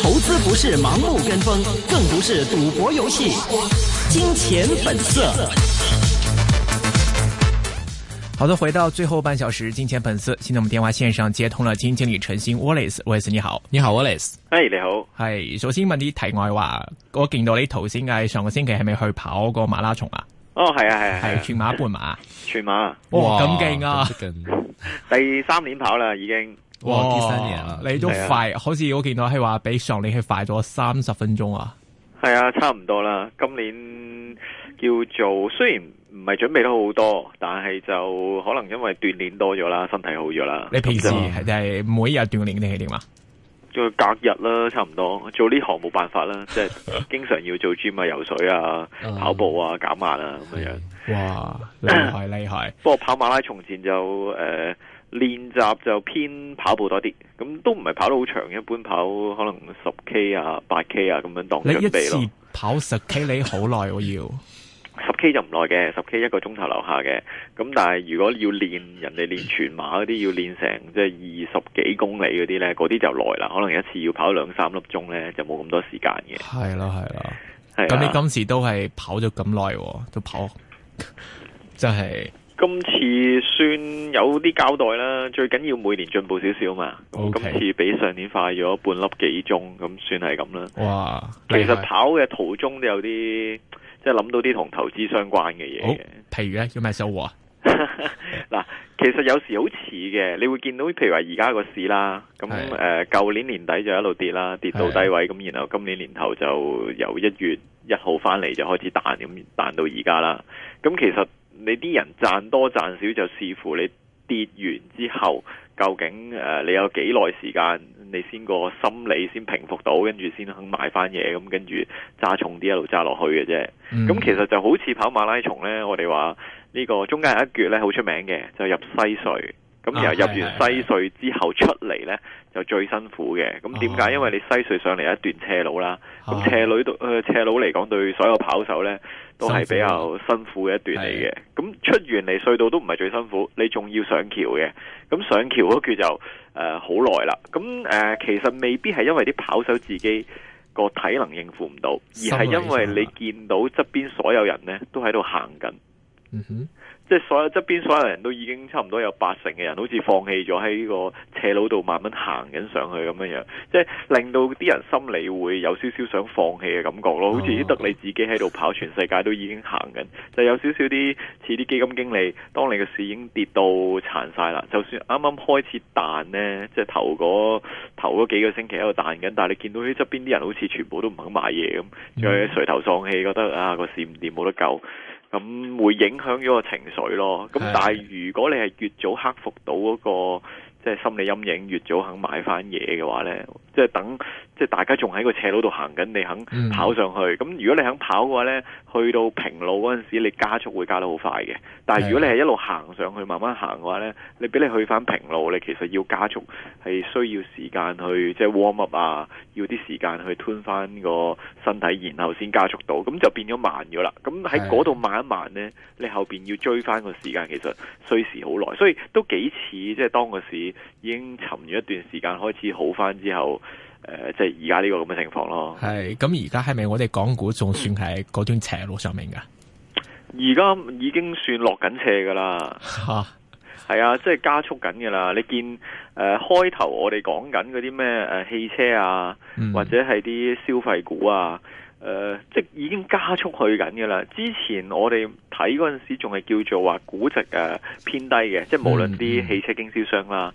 投資不是盲目跟風，更不是賭博遊戲。金錢本色。好的，回到最後半小時，金錢本色。現在我們電話線上接通了，基金經理陳昕 Wallace，Wallace 你好，你好 Wallace，嗨，你好，係。首先問啲題外話，我見到你頭先係上個星期係咪去跑過馬拉松啊？哦，係啊，係啊，係、啊啊、全馬半馬，全馬哇咁勁啊！麼 第三年跑啦，已經哇，第三年啦，你都快，啊、好似我見到係話比上年係快咗三十分鐘啊！係啊，差唔多啦。今年叫做雖然唔係準備得好很多，但係就可能因為鍛煉多咗啦，身體好咗啦。你平時係每日鍛煉定係點啊？佢隔日啦，差唔多做呢行冇辦法啦，即係經常要做 gym 啊、游水啊、跑步啊、減壓啊咁樣。哇！厲害厲害！ 不過跑馬拉松前就誒、呃、練習就偏跑步多啲，咁都唔係跑得好長，一般跑可能十 k 啊、八 k 啊咁樣當準備，你一次跑十 k 你好耐我要。 十 K 就唔耐嘅，十 K 一個鐘頭樓下嘅，咁但係如果要練人哋練全馬嗰啲，要練成即係二十幾公里嗰啲呢，嗰啲就耐啦，可能一次要跑兩三粒鐘呢，就冇咁多時間嘅。係啦係啦，咁的你今次都係跑咗咁耐，都跑，真係、就是、今次算有啲交代啦。最緊要每年進步少少嘛，今 Okay 次比上年快咗半粒幾鐘，咁算係咁啦。哇，其實跑嘅途中都有啲。即係諗到啲同投資相關嘅嘢，譬、哦、如咧叫咩收穫啊？嗱， 其實有時好似嘅，你會見到譬如話而家個市啦，咁誒舊年年底就一路跌啦，跌到低位，咁然後今年年頭就由一月一號翻嚟就開始彈，咁彈到而家啦。咁其實你啲人賺多賺少就視乎你跌完之後究竟誒你有幾耐時間。你先個心理先平復到，跟住先肯買翻嘢，咁跟住揸重啲一路揸落去嘅啫。咁、嗯、其實就好似跑馬拉松呢，我哋話呢個中間有一橛呢，好出名嘅就入西隧。咁然後入完西隧之後出嚟呢，就最辛苦嘅。咁點解？哦、因為你西隧上嚟一段斜路啦。咁、哦、斜路對誒斜路嚟講，對所有跑手呢，都係比較辛苦嘅一段嚟嘅。咁出完嚟隧道都唔係最辛苦，你仲要上橋嘅。咁上橋嗰橛就。誒好耐啦，咁誒、呃呃、其實未必係因為啲跑手自己個體能應付唔到，而係因為你見到側邊所有人咧都喺度行緊。嗯哼，即係所有側邊所有人都已經差唔多有八成嘅人，好似放棄咗喺呢個斜路度慢慢行緊上去咁樣樣，即係令到啲人心理會有少少想放棄嘅感覺咯，好似得你自己喺度跑，哦、全世界都已經行緊，就有少少啲似啲基金經理，當你嘅市已經跌到殘晒啦，就算啱啱開始彈呢，即係頭嗰幾個星期喺度彈緊，但係你見到喺側邊啲人好似全部都唔肯買嘢咁，仲有垂頭喪氣，覺得啊個市唔掂，冇得救。咁會影響咗個情緒咯。咁但係，如果你係越早克服到嗰個即係心理陰影，越早肯買翻嘢嘅話咧，即係等。即係大家仲喺個斜路度行緊，你肯跑上去？咁、嗯、如果你肯跑嘅話呢，去到平路嗰陣時，你加速會加得好快嘅。但係如果你係一路行上去，慢慢行嘅話呢，你俾你去翻平路，你其實要加速係需要時間去即係 warm up 啊，要啲時間去吞翻個身體，然後先加速到，咁就變咗慢咗啦。咁喺嗰度慢一慢呢，你後面要追翻個時間，其實需時好耐。所以都幾似即係當個市已經沉完一段時間，開始好翻之後。誒，即係而家呢個咁嘅情況咯。係，咁而家係咪我哋港股仲算喺嗰段斜路上面噶？而家已經算落緊斜噶啦，吓係哈啊，即、就、係、是、加速緊噶啦。你見誒、呃、開頭我哋講緊嗰啲咩誒汽車啊，嗯、或者係啲消費股啊，誒、呃，即係已經加速去緊噶啦。之前我哋睇嗰陣時，仲係叫做話估值誒偏低嘅，嗯、即係無論啲汽車經銷商啦、啊，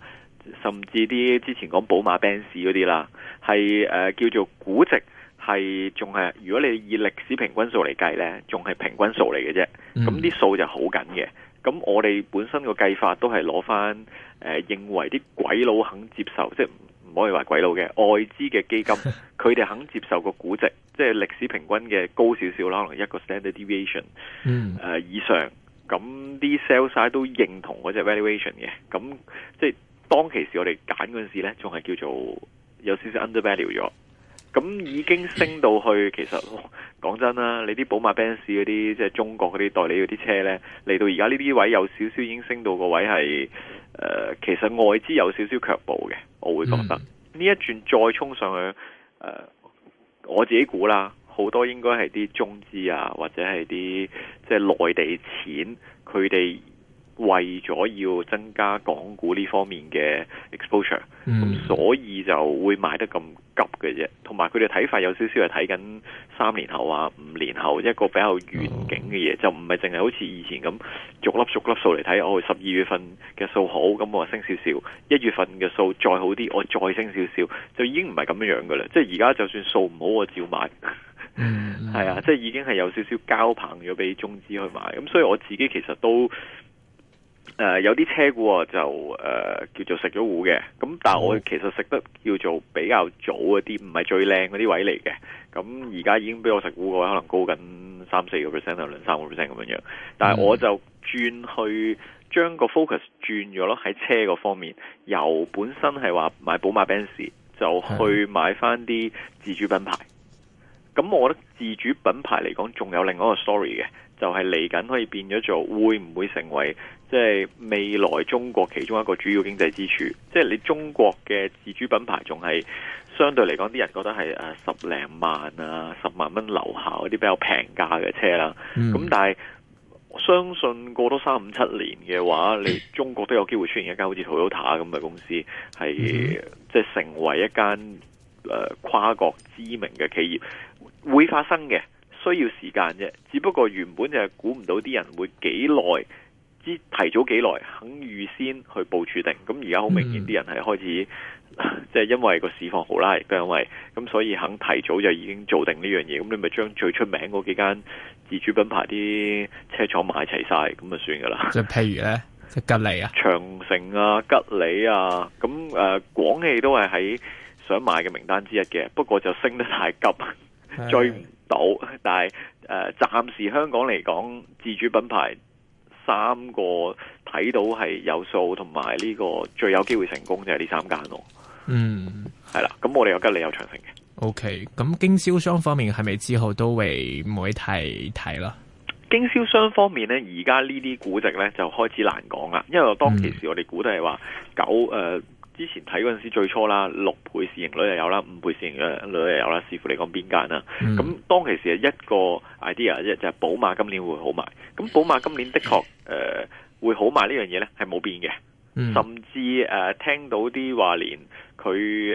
甚至啲之前講寶馬、Benz 嗰啲啦。係誒、呃，叫做估值係仲係，如果你以歷史平均數嚟計咧，仲係平均數嚟嘅啫。咁啲、嗯、數就好緊嘅。咁我哋本身個計法都係攞翻誒，認為啲鬼佬肯接受，即係唔可以話鬼佬嘅外資嘅基金，佢哋 肯接受個估值，即係歷史平均嘅高少少啦，可能一個 standard deviation，誒、嗯呃、以上。咁啲 sell side 都認同嗰隻 valuation 嘅。咁即係當其時我哋揀嗰陣時咧，仲係叫做。有少少 undervalue 咗，咁已經升到去，其實講、哦、真啦，你啲寶馬、Benz 嗰啲，即係中國嗰啲代理嗰啲車呢，嚟到而家呢啲位有少少已經升到個位係、呃，其實外資有少少卻步嘅，我會覺得呢一轉再衝上去，呃、我自己估啦，好多應該係啲中資啊，或者係啲即係內地錢，佢哋。為咗要增加港股呢方面嘅 exposure，咁、嗯、所以就會買得咁急嘅啫。同埋佢哋睇法有少少係睇緊三年後啊、五年後一個比較遠景嘅嘢，哦、就唔係淨係好似以前咁逐粒逐粒數嚟睇。我十二月份嘅數好，咁我升少少；一月份嘅數再好啲，我再升少少，就已經唔係咁樣樣噶啦。即係而家就算數唔好，我照買。係、嗯、 啊，嗯、即係已經係有少少交棒咗俾中資去買。咁所以我自己其實都。誒、呃，有啲車股就誒、呃、叫做食咗糊嘅，咁但係我其實食得叫做比較早嗰啲，唔係最靚嗰啲位嚟嘅。咁而家已經比我食糊嘅話，可能高緊三四個 percent 到兩三個 percent 咁樣。但係我就轉去將個 focus 轉咗咯，喺車個方面，由本身係話買寶馬 Benz，就去買翻啲自主品牌。咁我覺得自主品牌嚟講，仲有另外一個 story 嘅，就係嚟緊可以變咗做會唔會成為？即係未來中國其中一個主要經濟支柱，即、就、係、是、你中國嘅自主品牌仲係相對嚟講啲人覺得係誒十零萬啊，十萬蚊樓下嗰啲比較平價嘅車啦。咁、嗯、但係我相信過多三五七年嘅話，你中國都有機會出現一間好似 Toyota 咁嘅公司，係即係成為一間誒、呃、跨國知名嘅企業，會發生嘅，需要時間啫。只不過原本就係估唔到啲人會幾耐。知提早幾耐，肯預先去部署定。咁而家好明顯，啲人係開始，即係、嗯、因為個市況好啦，亦都因為，咁，所以肯提早就已經做定呢樣嘢。咁你咪將最出名嗰幾間自主品牌啲車廠買齊曬，咁就算噶啦。即係譬如咧，吉利啊、長城啊、吉利啊，咁、嗯、誒廣汽都係喺想買嘅名單之一嘅。不過就升得太急，的追唔到。但係誒、呃，暫時香港嚟講，自主品牌。三個睇到係有數，同埋呢個最有機會成功就係呢三間咯。嗯，係啦。咁我哋有吉利，有長城嘅。OK。咁經銷商方面係咪之後都會每提睇啦？經銷商方面呢，而家呢啲估值呢，就開始難講啦。因為當其時我哋估都係話九、呃之前睇嗰陣時，最初啦六倍市盈率又有啦，五倍市盈率率又有啦，視乎你講邊間啦。咁、嗯、當其時係一個 idea 即係寶馬今年會好賣。咁寶馬今年的確誒、呃、會好賣呢樣嘢呢，係冇變嘅。嗯、甚至誒、呃、聽到啲話，連佢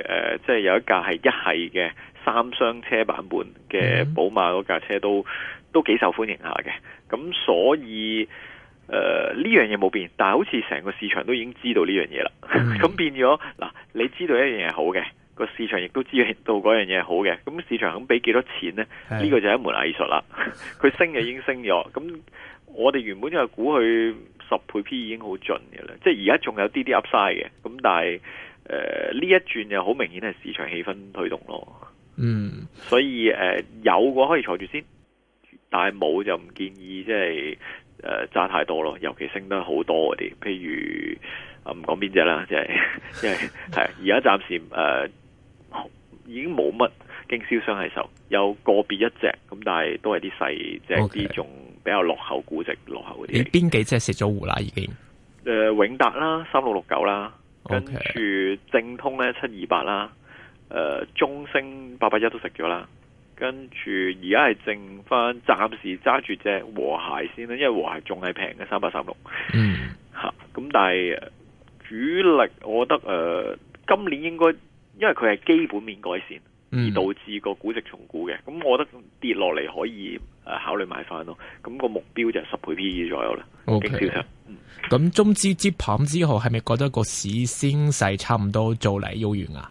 誒即係有一架係一係嘅三廂車版本嘅寶馬嗰架車都都幾受歡迎下嘅。咁所以。誒，呢樣嘢冇變，但係好似成個市場都已經知道呢樣嘢啦。咁、mm hmm. 變咗嗱，你知道一樣嘢好嘅，個市場亦都知道嗰樣嘢好嘅。咁市場咁俾幾多錢呢？呢、mm hmm. 個就係一門藝術啦。佢升嘅已經升咗，咁 我哋原本就估佢十倍 P 已經好盡嘅啦。即係而家仲有啲啲 Upside 嘅，咁但係誒呢一轉又好明顯係市場氣氛推動咯。嗯、mm，hmm. 所以誒、呃、有嘅話可以坐住先，但係冇就唔建議即係。誒，揸、呃、太多咯，尤其升得好多嗰啲，譬如唔講邊隻啦，即係即係係，而家暫時誒、呃，已經冇乜經銷商係受，有個別一隻，咁但係都係啲細隻啲，仲 Okay. 比較落後估值、落後嗰啲。你邊幾隻食咗胡辣已經？誒、呃，永達啦，三六六九啦，Okay. 跟住正通咧七二八啦，誒、呃，中升八八一都食咗啦。跟住而家係剩翻，暫時揸住只和諧先啦，因為和諧仲係平嘅三百三十六。嗯，嚇、啊，咁但係主力，我覺得誒、呃，今年應該因為佢係基本面改善，而導致個估值重估嘅。咁、嗯嗯、我覺得跌落嚟可以誒、呃、考慮買翻咯。咁、啊、個目標就係十倍 P E 左右啦。O K，咁中資接棒之後，係咪覺得個市先勢差唔多做嚟要完啊？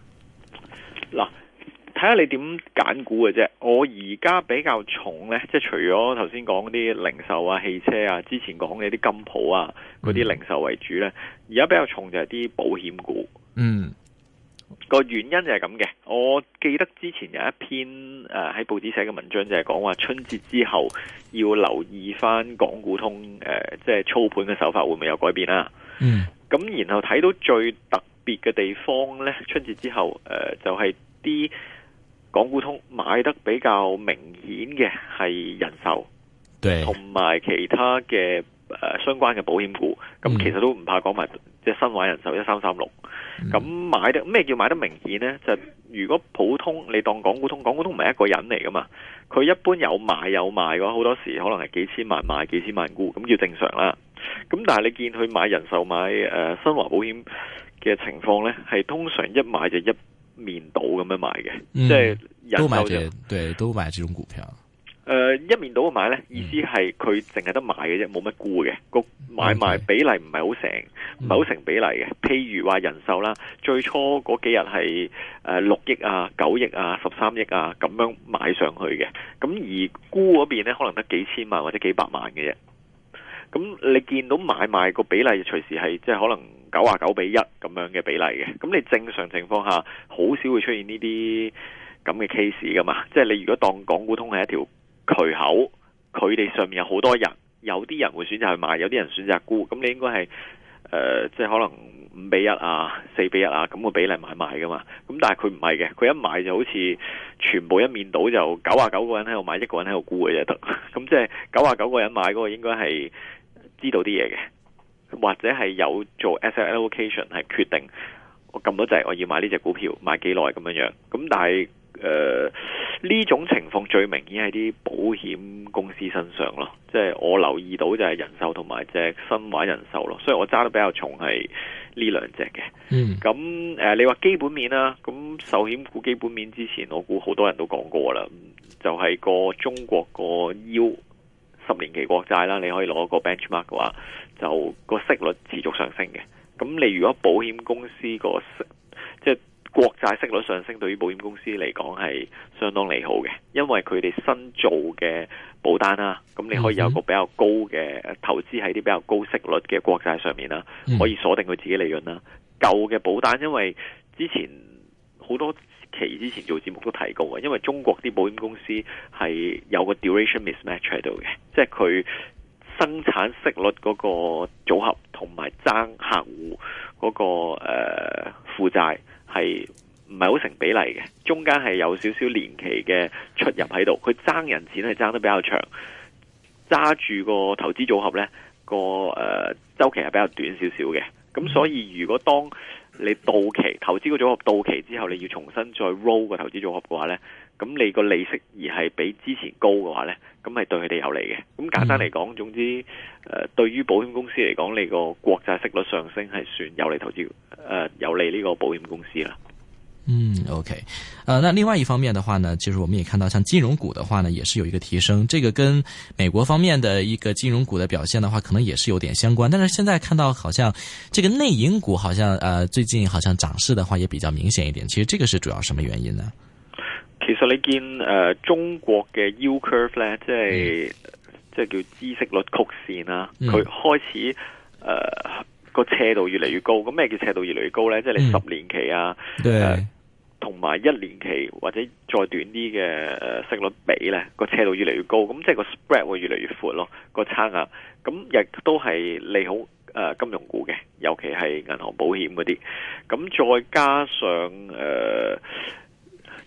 睇下你點揀股嘅啫，我而家比較重呢，即係除咗頭先講啲零售啊、汽車啊，之前講嘅啲金舖啊嗰啲零售為主呢，而家比較重就係啲保險股。嗯，個原因就係咁嘅。我記得之前有一篇喺、呃、報紙寫嘅文章，就係講話春節之後要留意翻港股通、呃、即係操盤嘅手法會唔會有改變啦、啊。嗯，咁然後睇到最特別嘅地方呢，春節之後、呃、就係啲。港股通買得比較明顯嘅係人壽，同埋其他嘅誒相關嘅保險股，咁其實都唔怕講埋即係新華人壽，一三三六，咁買得，咩叫買得明顯呢？就如果普通你當港股通，港股通唔係一個人嚟噶嘛，佢一般有買有賣嘅話，好多時可能係幾千萬買，幾千萬沽，咁叫正常啦。咁但係你見佢買人壽，買誒新華保險嘅情況呢，係通常一買就一。面倒咁樣買嘅，即係都買這對都買這種股票。誒，一面倒買咧，意思係佢淨係得買嘅啫，冇乜沽嘅。個買賣比例唔係好成，唔係好成比例嘅。譬如話人壽啦，最初嗰幾日係誒六億啊、九億啊、十三億啊咁樣買上去嘅。咁而沽嗰邊咧，可能得幾千萬或者幾百萬嘅啫。咁你見到買賣個比例隨時係即係可能九啊九比一咁樣嘅比例嘅，咁你正常情況下好少會出現呢啲咁嘅 case 噶嘛？即係你如果當港股通係一條渠口，佢哋上面有好多人，有啲人會選擇去買，有啲人選擇沽，咁你應該係誒即係可能五比一啊、四比一啊咁個比例買賣噶嘛？咁但係佢唔係嘅，佢一買就好似全部一面倒，就九啊九個人喺度買，一個人喺度沽嘅啫得。咁即係九啊九個人買嗰個應該係。知道啲嘢嘅，或者係有做 asset allocation 係決定我撳多隻，我要買呢隻股票買幾耐咁樣樣。咁但係誒，呢種情況最明顯喺啲保險公司身上咯。即係我留意到就係人壽同埋隻新華人壽咯。所以我揸得比較重係呢兩隻嘅。嗯。咁誒，你話基本面啦，咁壽險股基本面之前我估好多人都講過啦，就係個中國個腰十年期國債啦，你可以攞個 benchmark 嘅話，就個息率持續上升嘅。咁你如果保險公司個即係國債息率上升，對於保險公司嚟講係相當利好嘅，因為佢哋新做嘅保單啦，咁你可以有個比較高嘅、mm hmm. 投資喺啲比較高息率嘅國債上面啦，可以鎖定佢自己利潤啦。舊嘅保單，因為之前好多。期之前做節目都提過嘅，因為中國啲保險公司係有個 duration mismatch 喺度嘅，即係佢生產息率嗰個組合同埋爭客戶嗰個誒負債係唔係好成比例嘅，中間係有少少年期嘅出入喺度，佢爭人錢係爭得比較長，揸住個投資組合咧個誒週期係比較短少少嘅，咁所以如果當你到期投資個組合到期之後，你要重新再 roll 個投資組合嘅話呢，咁你個利息而係比之前高嘅話呢，咁係對佢哋有利嘅。咁簡單嚟講，總之，誒對於保險公司嚟講，你個國債息率上升係算有利投資，誒、呃、有利呢個保險公司啦。嗯，OK，呃，那另外一方面的話呢，其實我們也看到，像金融股的話呢，也是有一個提升，這個跟美國方面的一個金融股的表現的話，可能也是有點相關。但是現在看到好像，這個內銀股好像，呃，最近好像漲勢的話也比較明顯一點。其實這個是主要什麼原因呢？其實你見呃，中國嘅 U curve 呢即係，嗯、即係叫孳息率曲線啦，啊，佢，嗯、開始，誒，呃個斜度越嚟越高。咁咩叫斜度越嚟越高呢？即係你十年期啊，嗯、對同埋一年期或者再短啲嘅息率比咧，個斜度越嚟越高，咁即係個 spread 會越嚟越闊咯，個差額咁亦都係利好誒金融股嘅，尤其係銀行保險嗰啲，咁再加上誒，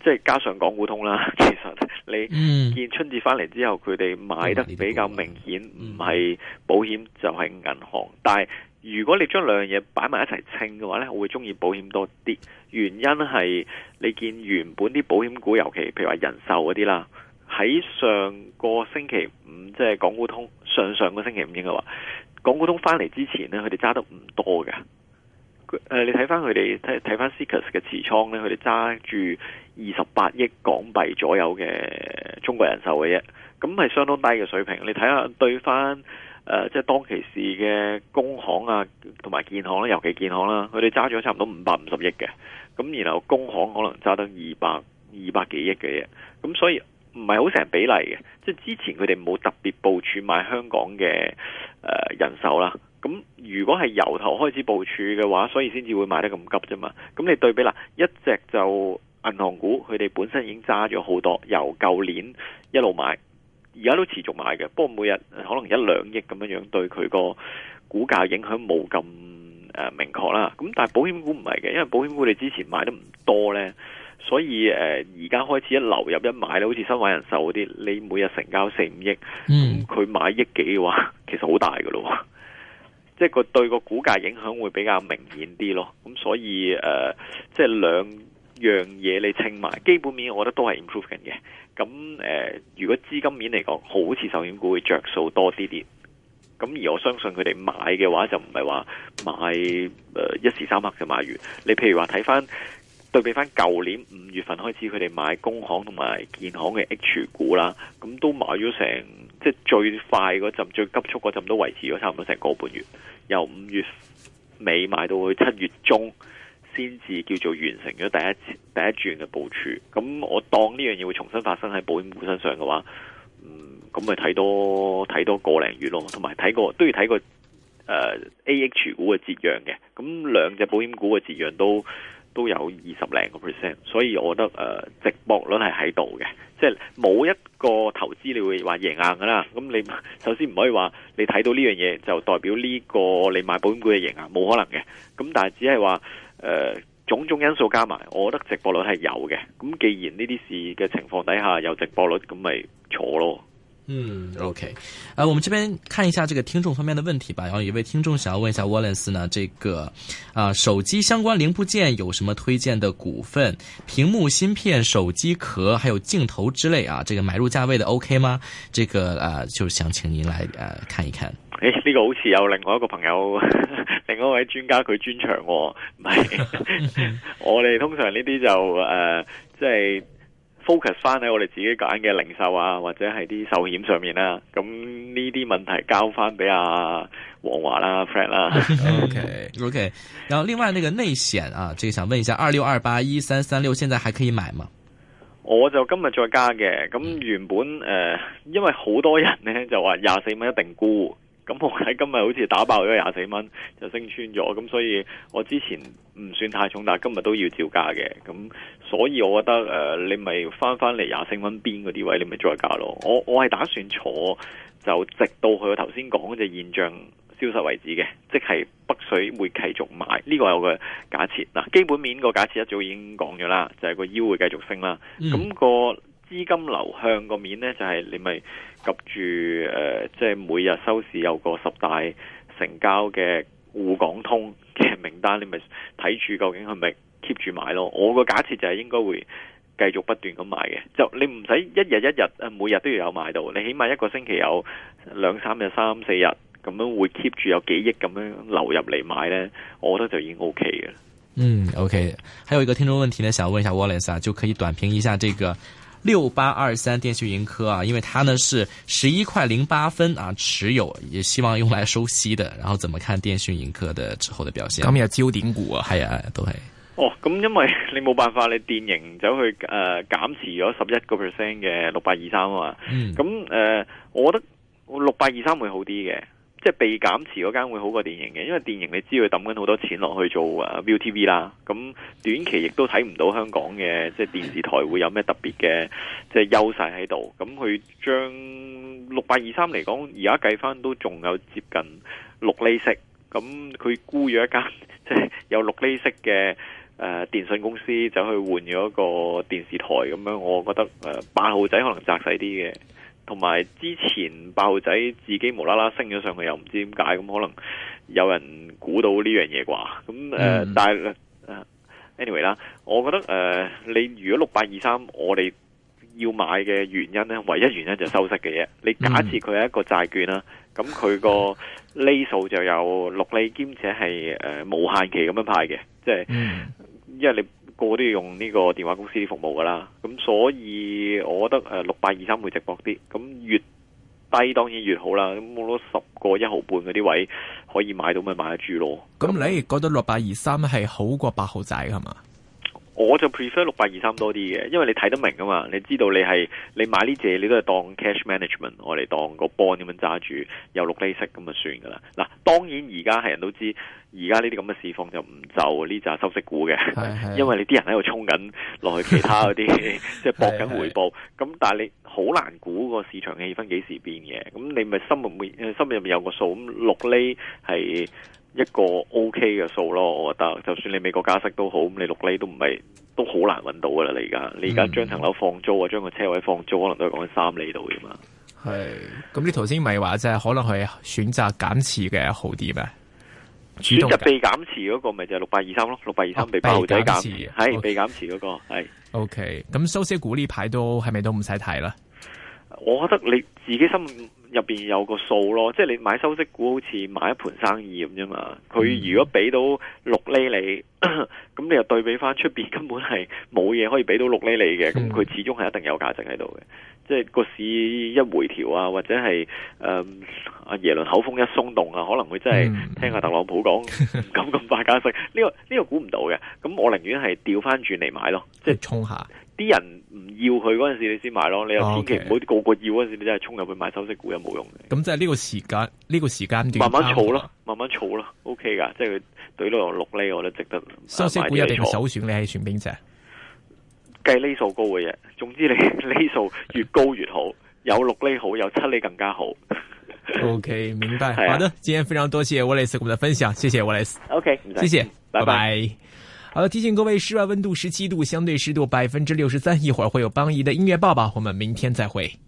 即係加上港股通啦。其實你見春節翻嚟之後，佢哋買得比較明顯，唔係保險就係銀行，但係，如果你將兩樣嘢擺埋一齊稱嘅話呢，我會中意保險多啲。原因係你見原本啲保險股，尤其譬如話人壽嗰啲啦，喺上個星期五，即係港股通上上個星期五應該話，港股通翻嚟之前呢，佢哋揸得唔多嘅。誒、呃，你睇翻佢哋睇睇翻 CCASS 嘅持倉呢，佢哋揸住二十八億港幣左右嘅中國人壽嘅啫，咁係相當低嘅水平。你睇下對翻。誒、呃，即係當其時嘅工行啊，同埋建行啦、啊，尤其建行啦、啊，佢哋揸咗差唔多五百五十億嘅，咁然後工行可能揸得二百二百幾億嘅嘢，咁所以唔係好成比例嘅，即係之前佢哋冇特別部署買香港嘅誒、呃、人手啦，咁如果係由頭開始部署嘅話，所以先至會買得咁急啫嘛，咁你對比啦，一隻就銀行股，佢哋本身已經揸咗好多，由舊年一路買。而家都持續買嘅，不過每日可能一兩億咁樣對佢個股價影響冇咁明確啦。咁但保險股唔係嘅，因為保險股你之前買得唔多呢，所以而家開始一流入一買咧，好似新華人壽嗰啲，你每日成交四五億，咁佢、嗯、買億幾嘅話，其實好大㗎咯。即係個對個股價影響會比較明顯啲咯。咁所以、呃、即係兩樣嘢你清埋，基本面我覺得都係 improving 嘅。咁、呃、如果資金面嚟講，好似壽險股會着數多啲啲。咁而我相信佢哋買嘅話就買，就唔係話買一時三刻就買完。你譬如話睇翻對比翻舊年五月份開始，佢哋買工行同埋建行嘅 H 股啦，咁都買咗成即係最快嗰陣、最急速嗰陣都維持咗差唔多成個半月，由五月尾買到去七月中。先至叫做完成咗第，第一次第一轉嘅部署。咁我當呢樣嘢會重新發生喺保險股身上嘅話，嗯，咁咪睇多睇多個零月咯。同埋睇過都要睇個 A、呃、H 股嘅折讓嘅。咁兩隻保險股嘅折讓都都有二十零個 percent。所以我覺得誒，值，呃、博率係喺度嘅。即係冇一個投資你會話贏硬㗎喇。咁你首先唔可以話你睇到呢樣嘢就代表呢個你買保險股嘅贏硬，冇可能嘅。咁但係只係話。呃種種因素加埋，我覺得直播率係有嘅。咁既然呢啲事嘅情況底下有直播率，咁咪錯咯。嗯，OK。誒、啊，我們這邊看一下這個聽眾方面的問題吧。有一位聽眾想要問一下 Wallace 呢，這個啊手機相關零部件有什麼推薦的股份？屏幕芯片、手機殼，還有鏡頭之類啊，這個買入價位的 OK 嗎？這個啊，就想請您來呃、啊、看一看。誒、欸、呢、這個好似有另外一個朋友。另一位專家，佢專長喎、哦，唔係 我哋通常呢啲就誒，即、呃、係、就是、focus 翻喺我哋自己揀嘅零售啊，或者係啲壽險上面啦、啊。咁呢啲問題交翻俾阿黃華啦，Fred 啦。 OK OK。然後另外那個內險啊，就想問一下，二六二八一三三六，現在還可以買嗎？我就今日再加嘅。咁原本誒、呃，因為好多人咧就話廿四蚊一定沽。咁我喺今日好似打爆咗廿四蚊，就升穿咗，咁所以我之前唔算太重，但係今日都要照加嘅。咁所以我覺得，誒、呃，你咪翻翻嚟廿四蚊邊嗰啲位，你咪再加咯。我我係打算坐，就直到佢頭先講嗰隻現象，消失為止嘅，即係北水會繼續買。呢、這個係我嘅假設嗱，基本面個假設一早已經講咗啦，就係個腰會繼續升啦。咁、嗯那個。資金流向個面呢、呃，就係你咪及住誒，即係每日收市有個十大成交嘅滬港通嘅名單，你咪睇住究竟係咪 keep 住買咯。我個假設就係應該會繼續不斷咁買嘅，就你唔使一日一日啊，每日都要有買到，你起碼一個星期有兩三日、三,三四日咁樣會 keep 住有幾億咁樣流入嚟買呢，我覺得就已經 O K 嘅。嗯，O K。Okay. 還有一個聽眾問題呢，想問一下 Wallace 啊，就可以短評一下這個。六八二三電訊盈科啊，因為它呢是十一塊零八分啊持有，也希望用來收息的。然後怎麼看電訊盈科的之後的表現？咁又焦點股啊，係啊，都係。哦，咁因為你冇辦法，你電盈走去誒減、呃、持咗十一個 percent 嘅六八二三啊嘛。嗯。咁誒、呃，我覺得六八二三會好啲嘅。即係被減持嗰間會好過電盈嘅，因為電盈你知佢抌緊好多錢落去做啊 ViuTV 啦，咁短期亦都睇唔到香港嘅即係電視台會有咩特別嘅即係優勢喺度，咁佢將六八二三嚟講，而家計返都仲有接近六厘息，咁佢沽咗一間即係有六厘息嘅誒、呃、電信公司走去換咗一個電視台咁樣，我覺得誒八號仔可能窄細啲嘅。同埋之前爆仔自己無啦啦升咗上去，又唔知點解，咁可能有人估到呢樣嘢啩？咁、嗯、但誒，anyway 啦，我覺得誒、呃，你如果六百二三，我哋要買嘅原因呢，唯一原因就收息嘅啫。你假設佢係一個債券啦，咁佢個利數就有六厘，兼且係、呃、無限期咁樣派嘅，即、就、係、是嗯、因為你。個都要用呢個電話公司啲服務噶啦，咁所以我覺得誒六百二三會值博啲，咁越低當然越好啦。咁冇到十個一毫半嗰啲位可以買到咪買得住咯。咁、嗯、你覺得六百二三係好過八號仔係嘛？我就 prefer 六百二三多啲嘅，因為你睇得明啊嘛，你知道你係你買呢隻，你都係當 cash management，我哋當個 bond 咁樣揸住，有六厘息咁就算噶啦。嗱，當然而家係人都知，而家呢啲咁嘅市況就唔就呢揸收息股嘅，是是是因為你啲人喺度衝緊落去其他嗰啲， 即係搏緊回報。咁是但係你好難估個市場氣氛幾時變嘅，咁你咪心入面心入面有個數，咁六厘係。一個 OK 嘅數咯，我覺得就算你美國加息都好，咁你六厘都唔係都好難揾到噶啦。你而家、嗯、你而家將層樓放租啊，將個車位放租，可能都係講緊三厘度噶嘛。係咁，你頭先咪話即係可能係選擇減持嘅好啲咩？主動選擇被減持嗰個咪就六百二三咯，六百二三被爆 被減係，係被減持嗰、嗰個係。OK，咁收息股呢排都係咪都唔使睇啦？我覺得你自己心。入面有個數咯，即係你買收息股好似買一盤生意咁啫嘛。佢如果俾到六厘你，咁、嗯、 你又對比翻出邊，根本係冇嘢可以俾到六厘你嘅，咁佢始終係一定有價值喺度嘅。即係個市一回調啊，或者係誒阿耶倫口風一鬆動啊，可能會真係聽阿特朗普講唔、嗯、敢咁快加息，呢、 呢個呢、呢個估唔到嘅。咁我寧願係調翻轉嚟買咯，即係衝下啲人。要佢嗰陣時你先買咯，你又千祈唔好個個要嗰陣時你真係衝入去買收息股又冇用。咁即係呢個時間呢個個時間段慢慢儲咯，慢慢儲咯，OK 噶，即係對到六厘我覺得值得，收息股一定首選，你係選邊隻？計厘數高嘅嘢，總之你厘數越高越好，有六厘好，有七厘更加好。Okay, OK，明白。好的，今天非常多謝 Wallace 哥嘅分享，謝謝 Wallace OK，唔使，謝謝，拜拜 bye。Bye bye 好了，提醒各位，室外溫度十七度，相對濕度百分之六十三。一會兒會有邦怡的音樂報報，我們明天再會。